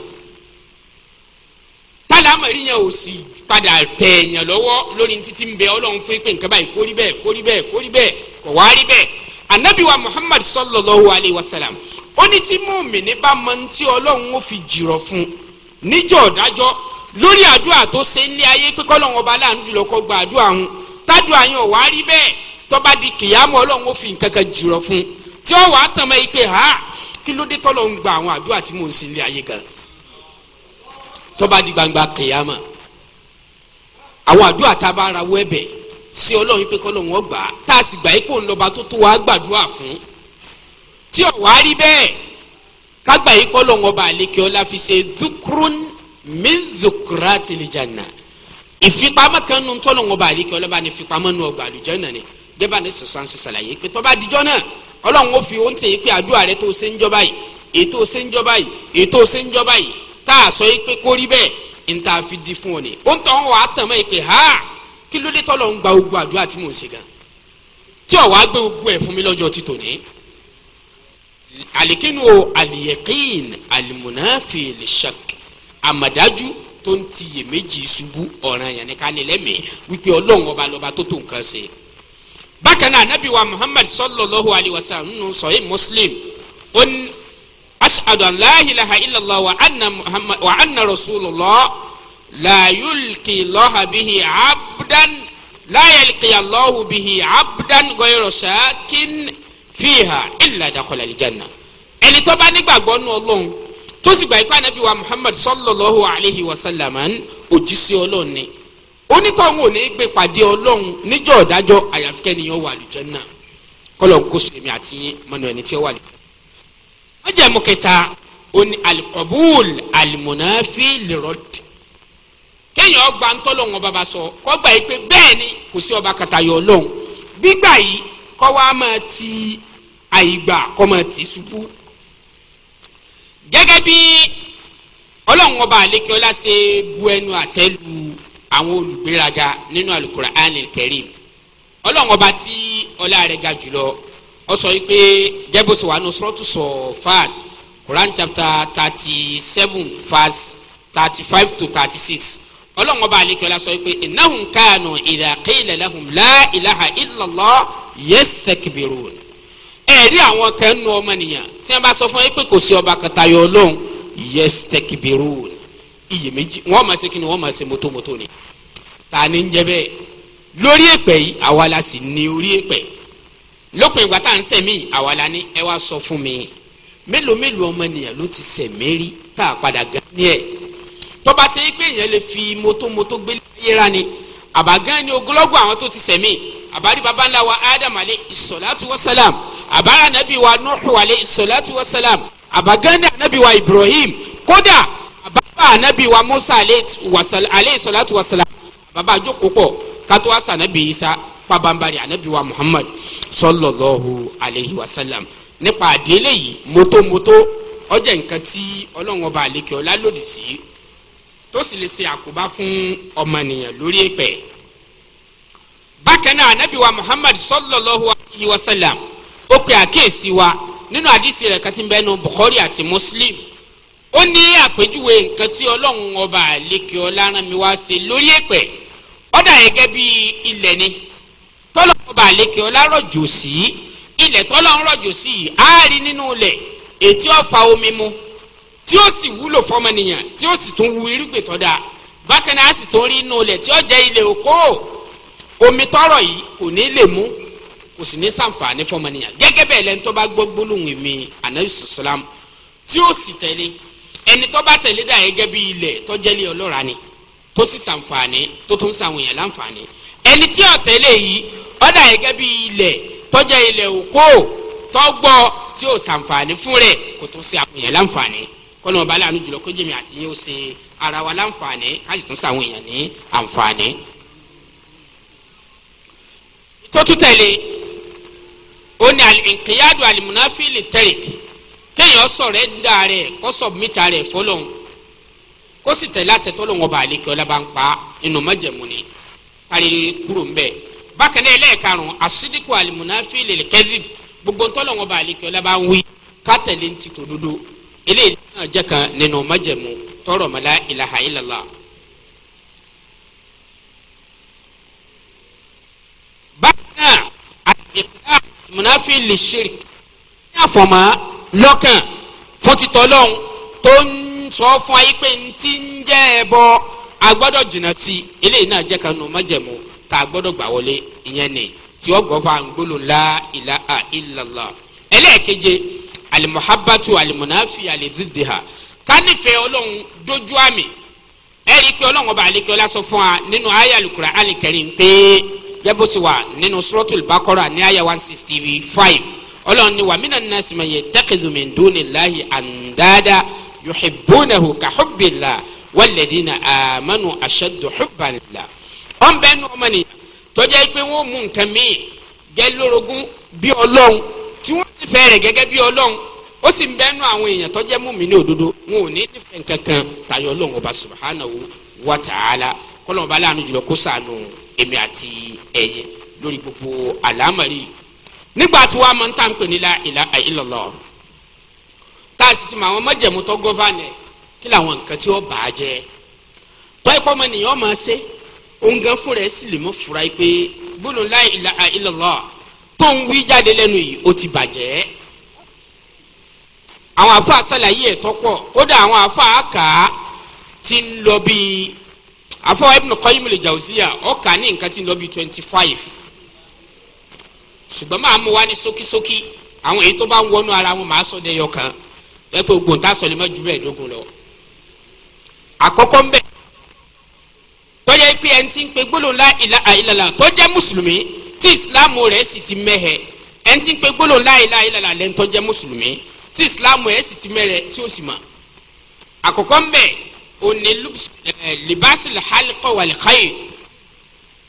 tálámọ̀rí yẹn ò sì padà tẹ̀ èèyàn lọ́wọ́ lórí títí ń bẹ ọlọ́run fún pé nǹkan báyìí kórí bẹ́ẹ̀ kórí bẹ́ẹ̀ kórí bẹ́ẹ̀ kọ̀ wá rí bẹ́ẹ̀ anabi wa muhammad sallallahu alayhi wa sallam ó ní tí mòmìnì bá mọ tí ọlọ́run ó fi jìrọ̀ fún níjọ́ ọ̀dájọ́ lórí àdúrà tó ṣe ń lé ayé pé kọ́lọ́run ọba láàánú jùlọ kọ́ gba àdúrà hun tádùá yẹn wá rí bẹ́ẹ̀ tọ́ba di kìyàmọ́ ọlọ́run ó fi nǹkan kan jìrọ̀ fún tí ó wàá tàn mọ́ ipe ha kí ló dé tọ́lọ́run gba àwọn àdúrà tí mò ń ṣe ń lé ayé gan tọ́ba di gbangba kìyàmọ́ àwọn àdúrà tá a bá ara wọ́ ẹ̀bẹ̀ sí ọlọ́run pé kọ́lọ́run ó gbà á tá a sì gbà ipò ńlọba tó tó wàá gbàdúrà fún tí ò wá rí bẹ́ẹ̀ kágbà yìí kọ́lọ́run ọba àlekè ọlá fi ṣe zukrun min zukratil janna ìfipamọ́ kan nu tọ́lọ́run ọba àlekè ọlá bá ní ìfipamọ́ nu ọgbà àlùjànnà ni gẹ́bà ní sọ̀sán ṣe ṣàlàyé pé tọ́ba àdìjọ́ náà ọlọ́run ó fi oúnjẹ yìí pé àdúrà rẹ tó ṣe ń jọba yìí ètò ṣe ń jọba yìí ètò ṣe ń jọba yìí ha kí ló dé tọ́lọ̀ ń gba ogun àdúrà tí mò ń ṣe gan tí ọ̀wá gbé ogun ẹ̀ fún mi lọ́jọ́ ti tòní. àlékínú àlìyẹ̀kín àlìmùnáfì lè ṣak àmàdájú tó ń ti iyèméjì ṣubú ọ̀ràn yẹn ní ká wípé ọlọ́run ọba lọ́ba tó tó nǹkan ṣe. bákan náà anabi wa muhammad sallallahu alayhi wa sallam nínú sọ̀hí muslim on ashadu an la illallah wa anna muhammad wa anna rasulullah láyùlkì lọ́hàbíhì abdan láyàlkì alọ́hùbíhì abdan gọ́yọ̀rọ̀ sàákín fìhà ìlà dàkọ̀lẹ̀ àlìjáná ẹni tó bá nígbàgbọ́ nù ọlọ́run tó sì gbà ipá nàbí wa muhammad sallallahu alayhi wa sallam òjíṣẹ́ ọlọ́run ni onítọ̀hún ò ní gbé pàdé ọlọ́run níjọ́ ọ̀dájọ́ àyàfi kẹ́niyàn wà àlùjánnà kọ́lọ̀ ń kó sùnmi àti mọ́nà ẹni tí ó wà àlùjánnà. wọ́n jẹ́ oní kéèyàn ọgbà ń tọ́lọ̀ wọn bàbá sọ kọ́gbà yìí pé bẹ́ẹ̀ ni kò sí ọba kàtàyọ̀ ọlọ́run gbígbà yìí kọ́ wa máa ti àyígbà kọ́ máa ti ṣubú. gẹ́gẹ́ bí ọlọ́run ọba àlékiọ́lá ṣe bu ẹnu àtẹ́ lu àwọn olùgbéraga nínú Al-Qur'an al ọlọ́run ọba tí ọlá rẹ̀ ga jùlọ ọ sọ yìí pé gẹ́bùsọ̀ wà nù sọ́tù sọ̀ fat Quran chapter thirty seven verse thirty five to thirty six ọlọ́run ọba àlekè ọlá sọ pé innahum kanu idha qila lahum la ilaha illallah yastakbirun ẹ̀rí àwọn kan nu ọmọnìyàn tí wọ́n bá sọ fún yín pé kò sí ọba kẹta yọ ọlọ́run yastakbirun iyèméjì wọ́n máa ṣe kíni wọ́n máa ṣe mọ́tòmọ́tò ni ta ni ń jẹ bẹ́ẹ̀ lórí èpè yìí àwa la sì ní orí èpè lópin ìgbà tá à ń sẹ̀mí àwa la ní ẹ wá sọ fún mi mélòó mélòó ọmọnìyàn ló ti sẹ̀mí rí tá a padà gan ní ẹ̀ tọ́ba ṣe é pé èèyàn lè fi mọ́tò mọ́tò gbé yẹra ni àbágán ni ogúnlọ́gùn àwọn tó ti sẹ̀mí àbárí baba ńlá wa adam alẹ́ ìsọ̀látù wa salam àbára nàbí wa nuhu alẹ́ ìsọ̀látù wa salam àbágán ni ànábì wa ibrahim kódà àbábà ànábì wa musa alẹ́ ìsọ̀látù wa salam baba àjókòó pọ̀ kátó wa sànábì isa pabambari ànábì wa muhammad sallallahu alayhi wa salam nípa àdéhùn yìí mọ́tò mọ́tò ọjà nǹkan tí ọlọ́run ọba àlekè ọlá lòdì sí tó sì lè ṣe àkóbá fún ọmọnìyàn lórí ẹ̀pẹ̀. bákan náà muhammad sallallahu alayhi wa sallam ó pe àkíyèsí wa nínú àdìsí rẹ̀ kàtí bẹ́ẹ̀ bukhari àti muslim ó ní àpèjúwe nǹkan tí ọlọ́run ọba àlekè ọlárànmi wá ṣe lórí ẹ̀pẹ̀ ọ̀dà gẹ́gẹ́ bí ilẹ̀ ni tọ́lọ́run ọba àlekè ọlárọ̀jò sí ilẹ̀ tọ́lọ́run rọ̀jò sí àárín nínú ilẹ̀ ètí ọ̀fà omi mu tí ó sì wúlò fọmọnìyàn tí ó sì tún wu irúgbìn tó dáa bákan náà a sì tún rí inú ilẹ̀ tí ó jẹ́ ilẹ̀ oko omi tọrọ yìí kò ní lè mú kò sì ní sàǹfààní fọmọnìyàn gẹ́gẹ́ bẹ́ẹ̀ lẹ́ni tó bá gbọ́ gbólóhùn mi anabi sàlám tí ó sì tẹ̀lé ẹni tó bá tẹ̀lé dà gẹ́gẹ́ bí ilẹ̀ tó jẹ́ ilẹ̀ ọlọ́ra ni tó sì sàǹfààní tó tún sàwọn èèyàn láǹfààní ẹni tí ó tẹ̀lé yìí ó dà gẹ́gẹ́ bí ilẹ̀ tó jẹ́ ilẹ̀ oko tó gbọ́ tí ó sàǹfààní fún rẹ̀ kò tún sí èèyàn láǹfààní kọ́nà ọba aláàánú jùlọ kó jẹ́mi àti yín ó ṣe ara wa láǹfààní káàsì tún sàwọn èèyàn ní àǹfààní. tó tún tẹ̀lé ó ní nkìyàdù alimunafili tẹ̀lé kéèyàn sọ̀rọ̀ ẹ̀ dá rẹ̀ kó sọ̀bùmítà rẹ̀ fọlọ́n kó sì tẹ̀lé àṣẹ tọ́lọ́wọ́n ọba àlekè ọlọ́ba ń inú mọ́jẹ̀mú ni kárí kúrò ń bẹ̀. bákan náà ẹlẹ́ẹ̀karùn-ún àsídìkù alimunafili kẹ́dí gbogbo tọ́lọ́wọ́n ọba àlekè ọlọ́ba ń wí ká tẹ̀lé ń ti tòdodo eléyìí náà jẹ́ kan nínú májẹ̀mú tọrọ mọ́lá ilaha illallah. bákan náà àtìkà múnáfi lè ṣeré ní àfọ̀mọ́ lọ́kàn fún títọ́ lọ́hún tó ń sọ fún ayé pé ń ti ń jẹ́ ẹbọ a gbọ́dọ̀ jìnnà sí eléyìí náà jẹ́ kan nínú májẹ̀mú tá a gbọ́dọ̀ gbà wọlé ìyẹn ni tí ó gbọ́ fún àǹgbóló la ilaha illallah ẹlẹ́ẹ̀keje. alimuhabatu alimunafi alididiha kánífẹ̀ ọlọ́run dojú àmì ẹ rí i pé ọlọ́run ọba àlekẹ́ ọlá sọ fún wa nínú aya al-Qur'an al-Karim pé yẹ́bù sí wa nínú suratul Baqara ní aya one sixty five ọlọ́run ni wa minan nasi man yattakhidhu min dunillahi andada yuhibbunahu ka hubbillah amanu ashaddu hubban lillah ọ̀nbẹ́nu ọmọ nìyà tọ́jà yìí pé wọ́n mú nǹkan mí gẹ́lórogún nífẹ̀ẹ́ rẹ̀ gẹ́gẹ́ bí ọlọ́run ó sì ń bẹ́nu àwọn èèyàn tó jẹ́ mùmínì òdodo wọn ò ní nífẹ̀ẹ́ kankan tayọ ọlọ́run ọba subhanahu wa ta'ala kọ́lọ́run ọba láàánú jùlọ kó ṣàánú èmi àti ẹ̀yin lórí gbogbo àlámọ̀rí nígbà tí wàá mọ̀ ń tà ń pè ní la ilaha illallah tá a sì ti mọ àwọn mọ̀jẹ̀mú tó gọ́fànẹ̀ kí làwọn nǹkan tí ó bà á jẹ́ tọ́ ẹ̀pọ́ tó ń wí jáde lẹ́nu yìí ó ti bàjẹ́ àwọn àfa ṣàlàyé ẹ̀ tọ́pọ̀ kódà àwọn àfa àkà ti ń lọ bíi àfa Ibn Qayyim al-Jawziyya ọkà ní nǹkan ti ń lọ bíi twenty five ṣùgbọ́n máa mú wa ní ṣókíṣókí àwọn èyí tó bá ń wọnú ara wọn máa sọ dẹyọ kan ẹ pé ogun tá a sọ lè má ju bẹ́ẹ̀ dógún lọ. àkọ́kọ́ ń bẹ̀ tọ́jà pé ẹni tí ń pe gbólóńlá ìlàlà tó jẹ́ mùsùlùmí tí ìsìláàmù rẹ̀ sì ti mẹ́hẹ̀ ẹni tí ń pe gbólóhùn láìláì lálà lẹ́ńtọ́ jẹ́ mùsùlùmí tí ìsìláàmù rẹ̀ sì ti mẹ́rẹ̀ tí ó sì mọ̀ àkọ́kọ́ ń bẹ̀ òní eh, libasi lhalqa wal khayr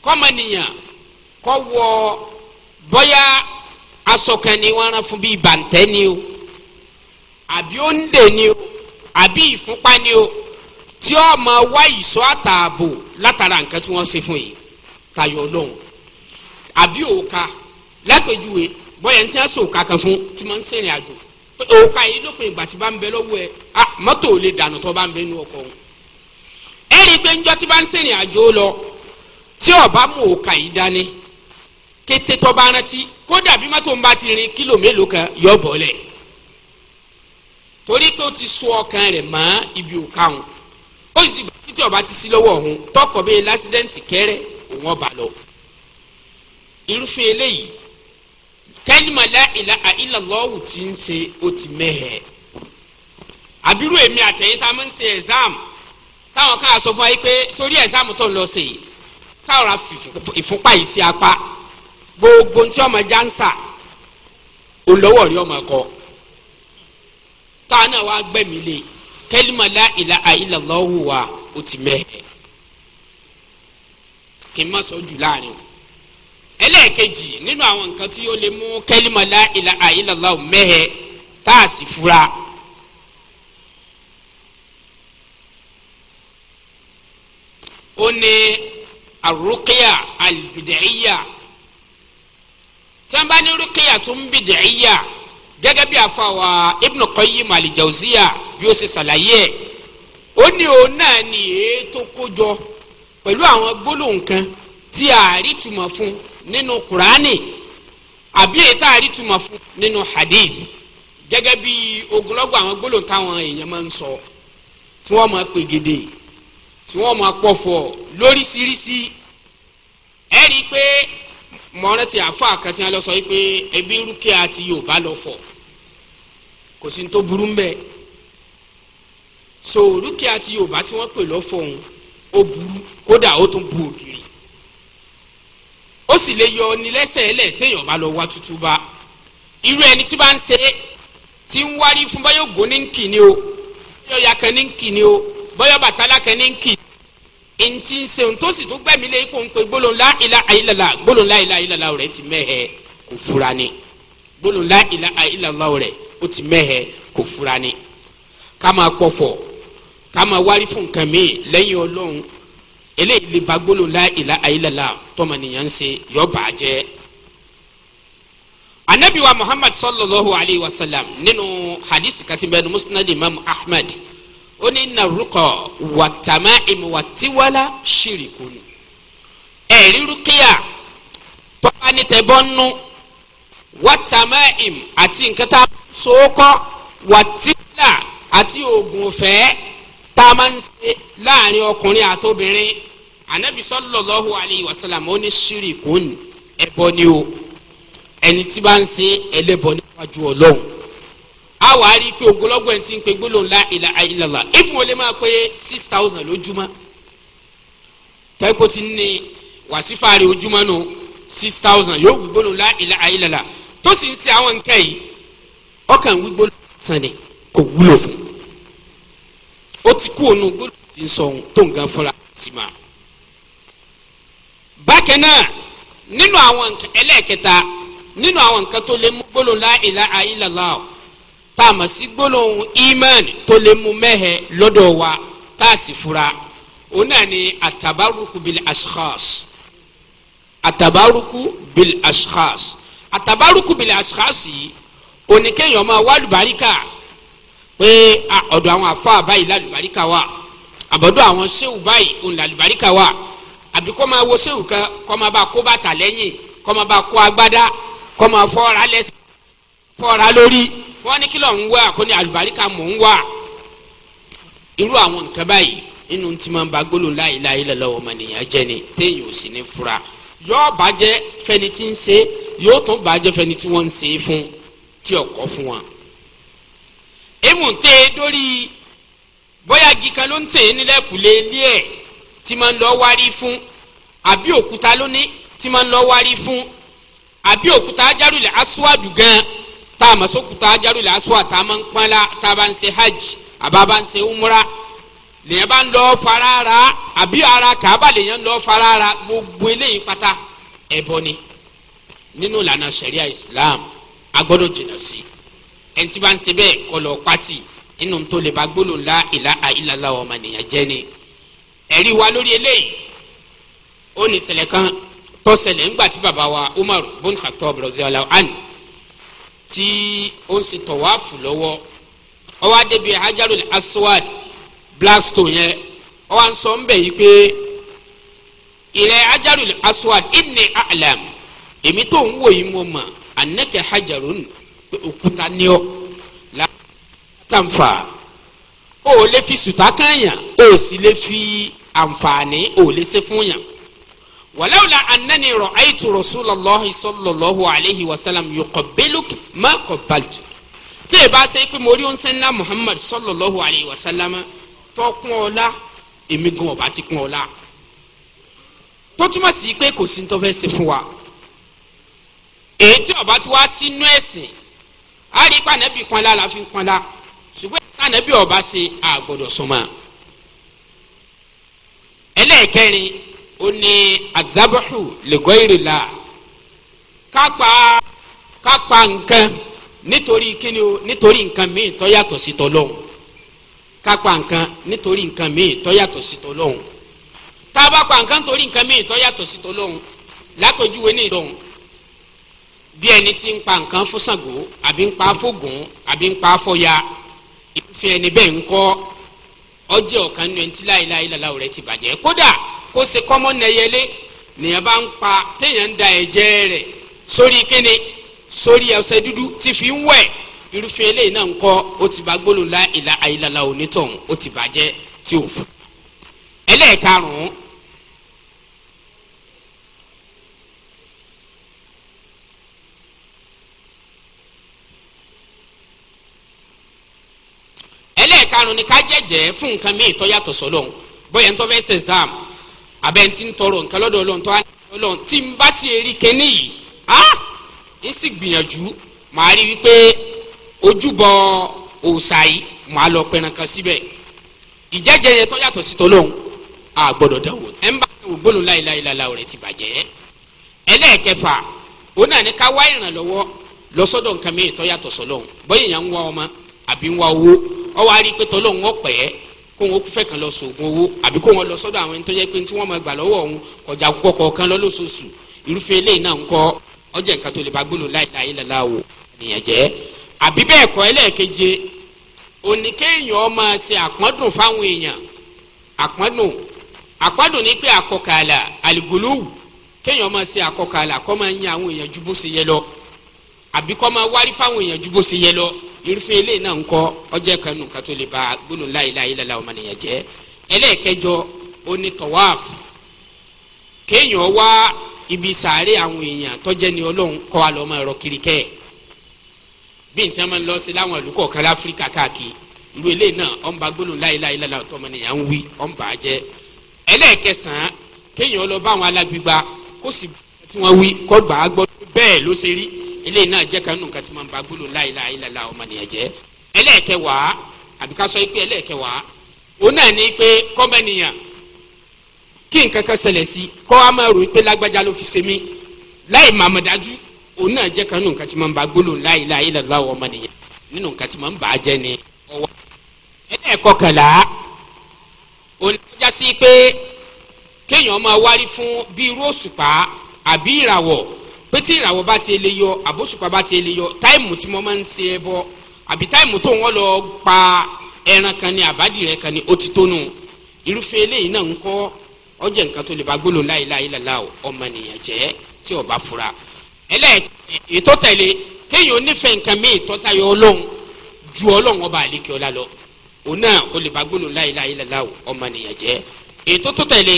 kọ́mọnìyàn kọ́ wọ bọ́yá aṣọ kan ni wọ́n rán fún bíi bàǹtẹ́ ni o àbí ó ń dè ni o àbí ìfúnpá ni o tí ó máa wá ìṣọ́ àtààbò látara nǹkan tí wọ́n ṣe fún yìí tayọ lóhùn àbí òòka lápèjúwe bọ́yẹ̀ ní tí wọ́n sọ òòka kan fún tí wọ́n ń sẹ́rìn àjò òòka yìí lópin ìgbà tí bá ń bẹ lọ́wọ́ ẹ mọ́tò ò lè dànù tó bá ń bẹ nínú ọkọ̀ òun ẹ rí i pé njọ́ tí bá ń sẹ́rìn àjò lọ tí ó bá mú òòka yìí dání kété tó bá rántí kódà bí mọ́tò ń bá ti rin kílò mélòó kan yọ bọ́lẹ̀ torí pé ó ti so ọkàn rẹ̀ mọ́ ibi òòka òun ó sì ti bá tí ti sí lọ́wọ́ òun irúfẹ́ eléyìí kẹ́límà láìlà àìlàlọ́wù ti ń ṣe ó ti mẹ́hẹ̀ àbírú èmi àtẹ̀yìn tá a máa ń ṣe exam táwọn kan sọ fún wa yìí pé sórí exam tó ń lọ sí i sáwọ́ra ìfúnpá yìí sí apá gbogbo tí ọmọ jansa olówó rí ọmọ kọ tá a náà wá gbẹ̀mí lé kẹ́límà láìlà àìlàlọ́wù wa ó ti mẹ́hẹ̀ kí n má sọ jù láàrin o ẹlẹ́ẹ̀kejì nínú àwọn nǹkan tí ó lè mú kẹ́límà lá ilaha illallah mẹ́hẹ tá a sì fura. ó ní arúkíyà albidẹ̀íyà tí wọ́n bá ní rúkíyà tó ń bidẹ̀íyà gẹ́gẹ́ bí àfàwà Ibn Qayyim al-Jawziya bí ó ṣe ṣàlàyé ẹ̀ ó ní òun náà ní èyí tó kó jọ pẹ̀lú àwọn gbólóhùn kan tí a rí túmọ̀ fún nínú Kùránì àbí èyí tá a rí túmọ̀ fún nínú hadith gẹ́gẹ́ bí ogunlọ́gọ̀ àwọn gbólóhùn táwọn èèyàn máa ń sọ tí wọ́n máa pè gèdè tí wọ́n máa pọ̀fọ̀ lóríṣiríṣi ẹ rí i pé mọ̀rántì àfọ́ àkàtì yẹn lọ sọ pé ẹbí rúkẹ́ àti Yorùbá lọ fọ̀ kò sí ní tó burú mbẹ́ so rúkẹ́ àti Yorùbá tí wọ́n pè lọ́fọ̀ ó burú kódà ó tún bu òkè ó sì lè yọ ni lẹ́sẹ̀ ẹlẹ̀ téèyàn bá lọ wá tútú bá irú ẹni tí bá ń ṣe tí ń wárí fún báyọ̀ gò ní nkì ni o báyọ̀ yakẹ́ ní nkì ni o báyọ̀ bàtálà kẹ́ ní nkì ntí ń ṣe tó sì tún gbẹ̀mí lé ipò ń pe gbólóhùn lá ilà gbólóhùn lá ilà rẹ̀ ti mẹ́hẹ̀ kò fura ni gbólóhùn lá ilà rẹ̀ ó ti mẹ́hẹ̀ kò fura ni ká máa pọ̀fọ̀ ká máa wárí fún nǹkan míì lẹ́yìn ọlọ́run eléyìí lè ba gbólóhùn la ilaha illallah tọmọnìyàn ṣe yọ bàjẹ́ anabi muhammad sallallahu alayhi wa sallam nínú hadisi kati bẹnu musnad imam ahmad ó ní na rúkọ wàtàmá ìmùwàtíwálá ṣìrìkùn ẹ̀rí rúkìá tọ́ka ní tẹ̀bọ́nù wàtàmá ìm àti nǹkan tá a sọ́kọ́ wàtíwálá àti oògùn ọ̀fẹ́ tá a máa ń ṣe láàrin ọkùnrin àtobìnrin anabi sallallahu alayhi wa sallam ó ní ṣírìkún ẹbọ ni o ẹni tí bá ń ṣe ẹlẹ́bọ níwájú Ọlọ́run a wàá rí i pé ogologo ẹni tí ń pe gbólóhùn la ilaha illallah if wọn lè máa pé six thousand lójúmọ́ tẹ́kọ̀ ti ní wàsífàárì ojúmọ́ nù six thousand yóò wí gbólóhùn la ilaha illallah tó sì ń ṣe àwọn nǹkan yìí ọkàn wí gbólóhùn sànni kò wúlò fún ó ti kú ònú gbólóhùn ti ń sọ ohun tó ń gan fúnra sí máa bákan náà nínú àwọn nǹkan ẹlẹ́ẹ̀kẹta nínú àwọn nǹkan tó lè mú gbólóhùn la ilaha illallah tá a mọ̀ sí gbólóhùn iman tó lè mú mẹ́hẹ̀ lọ́dọ̀ wa tá a sì fura òun náà ni atabaruku bil ashkhas atabaruku bil ashkhas atabaruku bil ashkhas yìí oníkéèyàn máa wá lùbáríkà pé ọ̀dọ̀ àwọn àfa àbáyìí lálùbáríkà wà àbọ̀dọ̀ àwọn sẹ́wù báyìí òun làlùbáríkà wà àbí kọ́ máa wo séwù kan kọ́ máa bá kó bàtà lẹ́yìn kọ́ máa bá kó agbádá kọ́ máa fọ́ra lẹ́sẹ̀ fọ́ra lórí wọ́n ní kí ló ń wá kó ní àlùbáríkà mò ń wá irú àwọn nǹkan báyìí nínú tí máa ń ba gbólóhùn láìláì lọ́wọ́ ọmọnìyàn jẹ́ ni téèyàn ò sì ní fura yóò bàjẹ́ fẹni tí ń ṣe yóò tún bàjẹ́ fẹni tí wọ́n ń ṣe fún tí ọkọ̀ fún wọn. èmùté dórí bóyá gíkan ló ń tè é nílẹ̀kùlé ilé ẹ̀ tí máa ń lọ wárí fún àbí òkúta lóní tí máa ń lọ wárí fún àbí òkúta ajárùlẹ̀ aswadu gan tá a mọ̀ sókúta ajárùlẹ̀ aswadu tá a máa ń pọ́n la tá a bá ń ṣe hajj àbá bá ń ṣe umra lèyìn bá ń lọ fara ra àbí ara kàába lèyìn ń lọ fara ra gbogbo eléyìí pátá ẹbọ ni nínú ìlànà ṣẹ̀ríà Islam a gbọ́dọ̀ jìnnà sí ẹni tí bá ń ṣe bẹ́ẹ̀ kọlọ pati inú tó lè bá gbólóńlá ìlà àìlàlá ọmọ nìyẹn jẹ ni ẹ̀rí wa lórí eléyìí ó ní ìṣẹ̀lẹ̀ kan tó ṣẹlẹ̀ ńgbà tí bàbá wa Umar bin Khattab radiyallahu anhu tí ó ń ṣe tọ̀wáàfù lọ́wọ́ ó wá débi hajarul aswad black stone yẹn ó wá ń sọ ń bẹ̀ yìí pé ilẹ̀ hajarul aswad inni a'lam èmi tó ń wò yìí mo mọ̀ annaka hajarun pé òkúta ni ọ́ látàǹfà ó lè fi sùtà kányà ó sì lè fi àǹfààní ò lè ṣe fún yàn wàláwùlà anani rọ àìtú rasulallahi sallallahu alayhi wa sallam yuqabbiluk ma qabbaltu tí ì bá ṣe pé mo rí oúnjẹ ńlá muhammad sallallahu alayhi wa sallam tó kún ọ la èmi gan ọba ti kún ọ la tó túmọ̀ sí pé kò sí tó fẹ́ ṣe fún wa èyí tí ọba ti wá sínú ẹ̀sìn á rí pànẹ́bí kan la fi kan la ṣùgbọ́n pànẹ́bí ọba ṣe àgbọ̀dọ̀ sọmọ́ a ẹlẹ́ẹ̀kẹrin ó ní azabuhu lẹ́gọ́ìrìlá kápá kápá nǹkan nítorí kíni o nítorí nǹkan míì tó yàtọ̀ sí tọ́lọ́hún kápá nǹkan nítorí nǹkan míì tó yàtọ̀ sí tọ́lọ́hún tá a bá pa nǹkan torí nǹkan míì tó yàtọ̀ sí tọ́lọ́hún lápèjúwe ní ìtọ́hún bí ẹni tí ń pa nǹkan fún Ṣàngó àbí ń pa fógùn àbí ń pa fọya ìfẹ́ ẹni bẹ́ẹ̀ ń kọ́ ọjẹ́ ọ̀kan nu ẹntì láìláì làlá rẹ ti bàjẹ́ kódà kó se kọ́mọ́ nẹyẹlé nìyẹn bá ń pa téèyàn ń da ẹ̀jẹ̀ rẹ̀ sórí kíni sórí ọṣẹ dúdú ti fi ń wẹ̀ irúfẹ́ eléyìí náà ń kọ́ ó ti bá gbólóńlá ìlà àìlàlà onítọ̀hún ó ti bàjẹ́ tí ò fún. ẹlẹ́ẹ̀karùn karùn ni ká jẹ́jẹ́ fún nǹkan míì tó yàtọ̀ sọ́lọ́hún bóyá ntọ́ fẹ́ sẹ̀sám abẹ́ ntí ń tọrọ nǹkan lọ́dọ̀ ọlọ́run tó ọlọ́run tí n bá sì rí kẹ́ni yìí á n sì gbìyànjú màá rí wípé ojúbọ òòṣà yìí màá lọ pẹran kan síbẹ̀ ìjẹ́jẹ́ yẹn tó yàtọ̀ sí tọ́lọ́hún á gbọ́dọ̀ dáwọ́ ẹ̀ ń bá wọn gbólóhùn láìláìláìlá rẹ̀ ti bàjẹ́ ẹlẹ́ẹ̀kẹfà òun náà ní ká wá ìrànlọ́wọ́ lọ́sọ́dọ̀ nǹkan mìíràn tó yàtọ̀ sọ́lọ́hún bóyá ń wá ọmọ àbí ń wá owó ọ àrí pé tọ́lọ́hún ó pẹ́ kó wọn fẹ́ kàn lọ sògùn owó àbí kó wọn lọ sọ́dọ̀ àwọn ẹni tó yẹ pé tí wọ́n máa gbà lọ́wọ́ ọ̀hún ọjà kúkọ kọ̀ọ̀kan lọ́lọ́sọ̀ọ̀sù irúfẹ́ eléyìí náà ń kọ́ ọjà nǹkan tó lè bá kéèyàn ṣe àpọ́ndùn fáwọn èèyàn àpọ́ndùn èèyàn ju àbí kọ́ máa wárí fáwọn èèyàn ju bó ṣe yẹ lọ irúfẹ́ eléyìí náà ń kọ́ ọjọ́ kanu ká tó lè ba gbólóhùn la ilaha illallah ọmọnìyàn jẹ́ ẹlẹ́ẹ̀kẹjọ oní tọ́wáf kéèyàn wá ibi sàárè àwọn èèyàn tọ́jẹ́ ni ọlọ́run kọ́ wa lọ́ máa rọ kiri kẹ́ ẹ̀ bí n tí máa ń lọ sí láwọn ìlú kọ̀ọ̀kan láfíríkà káàkiri irú eléyìí náà ọ̀n ba gbólóhùn la ilaha illallah ọmọnìyàn ń wí ọ̀n bà á jẹ́ ẹlẹ́ẹ̀kẹsàn-án kéèyàn lọ bá àwọn alágbègbà kó sì bẹ́ẹ̀ ló ṣe rí eléyìí náà jẹ́ kanú nǹkan tí máa ń ba gbólóhùn la ilaha illallah ọmọnìyàn jẹ́ ẹlẹ́ẹ̀kẹwàá àbí ká sọ pé ẹlẹ́ẹ̀kẹwàá òun náà ní pé kọ́mẹ́nìyàn kí nǹkan kan ṣẹlẹ̀ sí kọ́ a máa rò pé lágbájá ló fi ṣe mí láì màmá dájú òun náà jẹ́ kanú nǹkan tí máa ń ba gbólóhùn la ilaha illallah ọmọnìyàn nínú nǹkan tí máa ń bà á jẹ́ ni ọwọ́ ẹlẹ́ẹ̀kọkànlá òun ló jásí pé kéèyàn máa wárí fún bí irú òṣùpá àbí ìràwọ̀ pé tí ìràwọ̀ bá ti lè yọ àbóṣùpá bá ti lè yọ táìmù tí mo máa ń ṣe ẹbọ àbí táìmù tó wọ́n lọ pa ẹran kan ni àbádìrẹ́ kan ni ó ti tónu irúfẹ́ eléyìí náà ń kọ́ ọjẹ́ nǹkan tó lè bá gbólóhùn láìláì lálá ọmọ nìyẹn jẹ́ tí ó bá fura ẹlẹ́ ètò tẹ̀lé kéèyàn onífẹ̀ẹ́ nǹkan míì tọ́ta yọ ọlọ́run ju ọlọ́run ọba àlékè ọlá lọ òun náà ó lè bá gbólóhùn láìláì lálá ọmọ nìyẹn jẹ́ ètò tó tẹ̀lé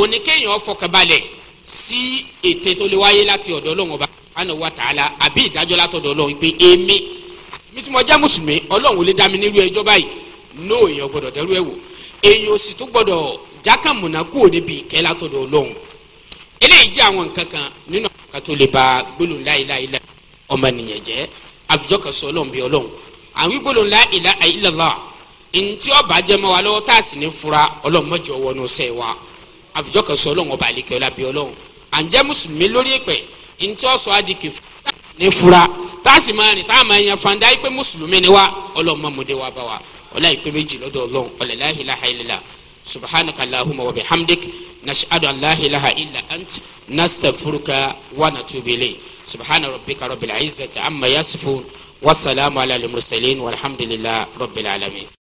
òní kéèyàn ọfọkànbalẹ̀ sí ète tó lè wáyé láti ọ̀dọ̀ ọlọ́run ọba àná wa tààlà àbí ìdájọ́ látọ̀dọ̀ ọlọ́run pé èmi mi tí mo jẹ́ mùsùlùmí ọlọ́run lè dá mi nírú ẹjọ́ báyìí no èèyàn gbọ́dọ̀ dẹ́rú ẹ̀ wò èèyàn sì tún gbọ́dọ̀ jákàmùnà kúrò níbi ìkẹ́ látọ̀dọ̀ ọlọ́run eléyìí jẹ́ àwọn nǹkan kan nínú àwọn kan tó lè ba gbólóhùn láìláìlá ọmọ nìyẹn jẹ́ àfijọ́ kan sọ ọlọ́run bí ọlọ́run àwọn gbólóhùn láìláìlá ntí ọba jẹ́ mọ́ wa lọ́wọ́ tá a sì ní fura ọlọ́run mọ́jọ́ wọnú sẹ́ wa àfijọ́ kan sọ ọlọ́run ọba àlekẹ́ ọlá bíi ọlọ́run à ń jẹ́ mùsùlùmí lórí ìpẹ́ ntí ọ̀sọ́ adìkì ní fura tá a sì máa rìn tá a máa yan fanda yìí pé mùsùlùmí ni wa ọlọ́run mọ́mọdé wa bá wa ọlá ìpè méjì lọ́dọ̀ ọlọ́run ọ̀lẹ̀ la ilaha illa subhanaka wa bihamdik nashhadu an la ilaha ant nastaghfiruka wa natubu ilayk subhana rabbika rabbil izzati amma yasifun wasalaamu ala al-mursalin walhamdulillahi